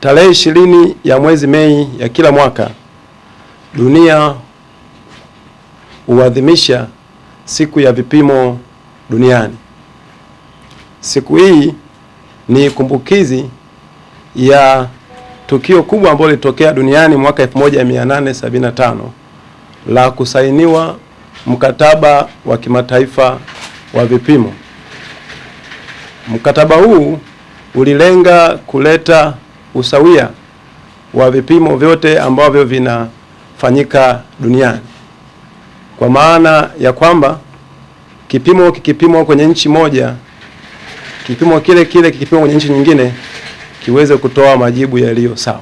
Tarehe ishirini ya mwezi Mei ya kila mwaka dunia huadhimisha siku ya vipimo duniani. Siku hii ni kumbukizi ya tukio kubwa ambalo lilitokea duniani mwaka 1875 la kusainiwa mkataba wa kimataifa wa vipimo. Mkataba huu ulilenga kuleta usawia wa vipimo vyote ambavyo vinafanyika duniani, kwa maana ya kwamba kipimo kikipimwa kwenye nchi moja, kipimo kile kile kikipimwa kwenye nchi nyingine kiweze kutoa majibu yaliyo sawa.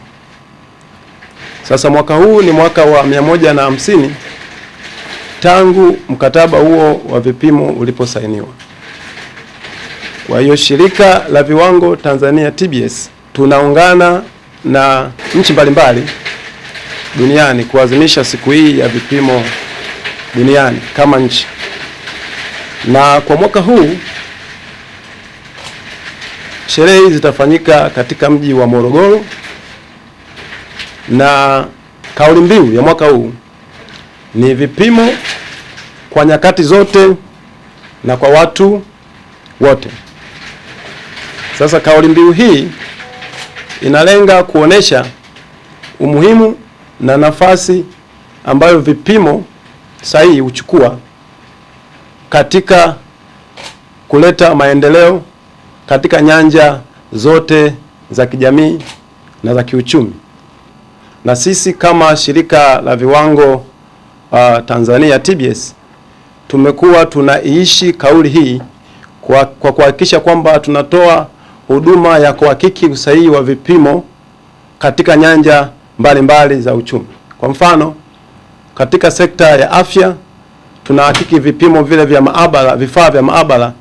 Sasa mwaka huu ni mwaka wa mia moja na hamsini tangu mkataba huo wa vipimo uliposainiwa. Kwa hiyo shirika la viwango Tanzania TBS tunaungana na nchi mbalimbali duniani kuadhimisha siku hii ya vipimo duniani kama nchi, na kwa mwaka huu sherehe hizi zitafanyika katika mji wa Morogoro, na kauli mbiu ya mwaka huu ni vipimo kwa nyakati zote na kwa watu wote. Sasa kauli mbiu hii inalenga kuonesha umuhimu na nafasi ambayo vipimo sahihi huchukua katika kuleta maendeleo katika nyanja zote za kijamii na za kiuchumi. Na sisi kama shirika la viwango uh, Tanzania TBS tumekuwa tunaiishi kauli hii kwa kuhakikisha kwa kwamba tunatoa huduma ya kuhakiki usahihi wa vipimo katika nyanja mbalimbali mbali za uchumi. Kwa mfano, katika sekta ya afya tunahakiki vipimo vile vya maabara, vifaa vya maabara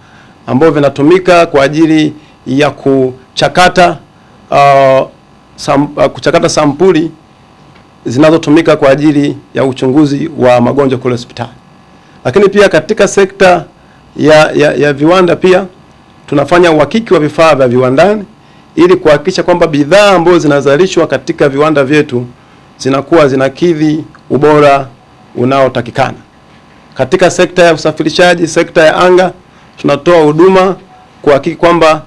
ambavyo vinatumika kwa ajili ya kuchakata uh, sam, uh, kuchakata sampuli zinazotumika kwa ajili ya uchunguzi wa magonjwa kule hospitali. Lakini pia katika sekta ya, ya, ya viwanda pia tunafanya uhakiki wa vifaa vya viwandani ili kuhakikisha kwamba bidhaa ambazo zinazalishwa katika viwanda vyetu zinakuwa zinakidhi ubora unaotakikana. Katika sekta ya usafirishaji, sekta ya anga, tunatoa huduma kuhakiki kwamba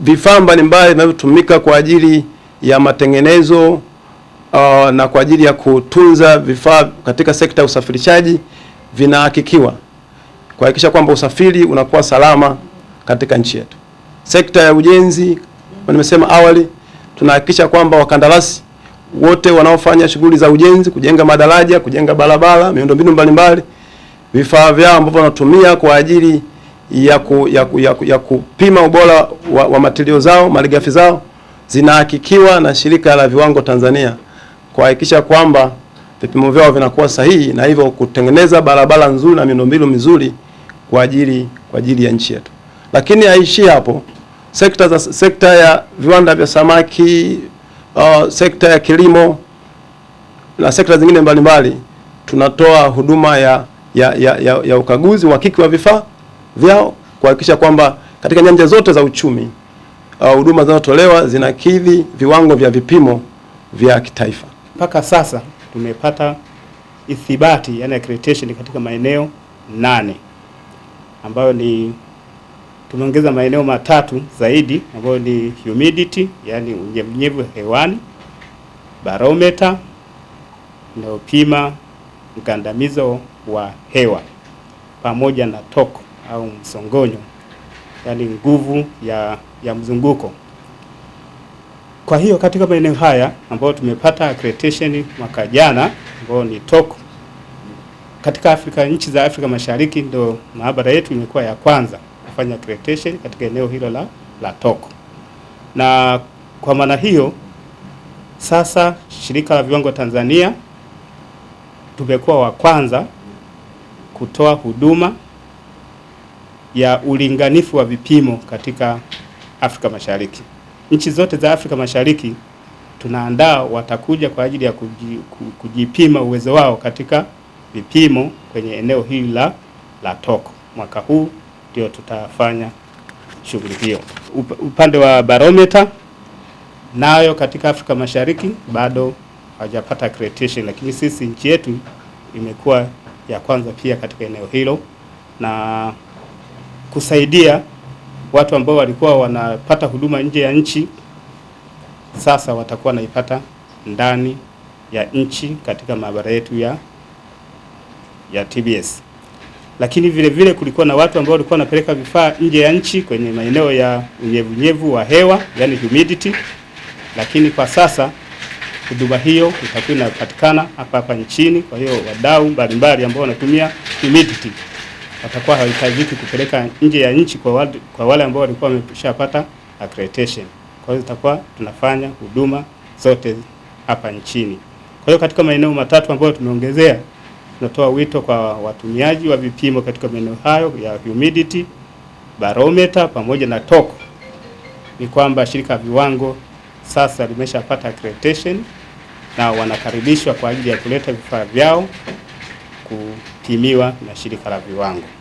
vifaa mbalimbali vinavyotumika kwa ajili ya matengenezo uh, na kwa ajili ya kutunza vifaa katika sekta ya usafirishaji vinahakikiwa kuhakikisha kwamba usafiri unakuwa salama katika nchi yetu. Sekta ya ujenzi, nimesema awali, tunahakikisha kwamba wakandarasi wote wanaofanya shughuli za ujenzi, kujenga madaraja, kujenga barabara, miundombinu mbalimbali, vifaa vyao ambavyo wanatumia kwa ajili ya, ku, ya, ku, ya, ku, ya kupima ubora wa, wa matilio zao malighafi zao zinahakikiwa na Shirika la Viwango Tanzania kuhakikisha kwamba vipimo vyao vinakuwa sahihi na hivyo kutengeneza barabara nzuri na miundombinu mizuri kwa ajili kwa ajili ya nchi yetu. Lakini haishi hapo. Sekta za sekta ya viwanda vya samaki uh, sekta ya kilimo na sekta zingine mbalimbali mbali, tunatoa huduma ya, ya, ya, ya, ya ukaguzi, uhakiki wa vifaa vyao kuhakikisha kwamba katika nyanja zote za uchumi uh, huduma uh, zinazotolewa zinakidhi viwango vya vipimo vya kitaifa. Mpaka sasa tumepata ithibati yani accreditation katika maeneo nane ambayo ni tumeongeza maeneo matatu zaidi ambayo ni humidity, yani unyevunyevu hewani, barometa inayopima mkandamizo wa hewa pamoja na toko au msongonyo, yani nguvu ya, ya mzunguko. Kwa hiyo katika maeneo haya ambayo tumepata accreditation mwaka jana ambayo ni toko katika Afrika, nchi za Afrika Mashariki, ndio maabara yetu imekuwa ya kwanza kufanya cretation katika eneo hilo la, la Toko. Na kwa maana hiyo sasa shirika la viwango Tanzania tumekuwa wa kwanza kutoa huduma ya ulinganifu wa vipimo katika Afrika Mashariki. Nchi zote za Afrika Mashariki tunaandaa watakuja kwa ajili ya kujipima uwezo wao katika vipimo kwenye eneo hili la la Toko mwaka huu ndio tutafanya shughuli hiyo. Upande wa barometa nayo katika Afrika Mashariki bado hawajapata accreditation, lakini sisi nchi yetu imekuwa ya kwanza pia katika eneo hilo na kusaidia watu ambao walikuwa wanapata huduma nje ya nchi, sasa watakuwa wanaipata ndani ya nchi katika maabara yetu ya ya TBS lakini vile vile kulikuwa na watu ambao walikuwa wanapeleka vifaa nje ya nchi kwenye maeneo ya unyevunyevu wa hewa, yani humidity, lakini kwa sasa huduma hiyo itakuwa inapatikana hapa hapa nchini. Kwa hiyo wadau mbalimbali ambao wanatumia humidity watakuwa hawahitajiki kupeleka nje ya nchi kwa wale, kwa wale ambao walikuwa wameshapata accreditation. Kwa hiyo tutakuwa tunafanya huduma zote hapa nchini. Kwa hiyo katika maeneo matatu ambayo tumeongezea tunatoa wito kwa watumiaji wa vipimo katika maeneo hayo ya humidity, barometa pamoja na toko, ni kwamba shirika la viwango sasa limeshapata accreditation na wanakaribishwa kwa ajili ya kuleta vifaa vyao kupimiwa na shirika la viwango.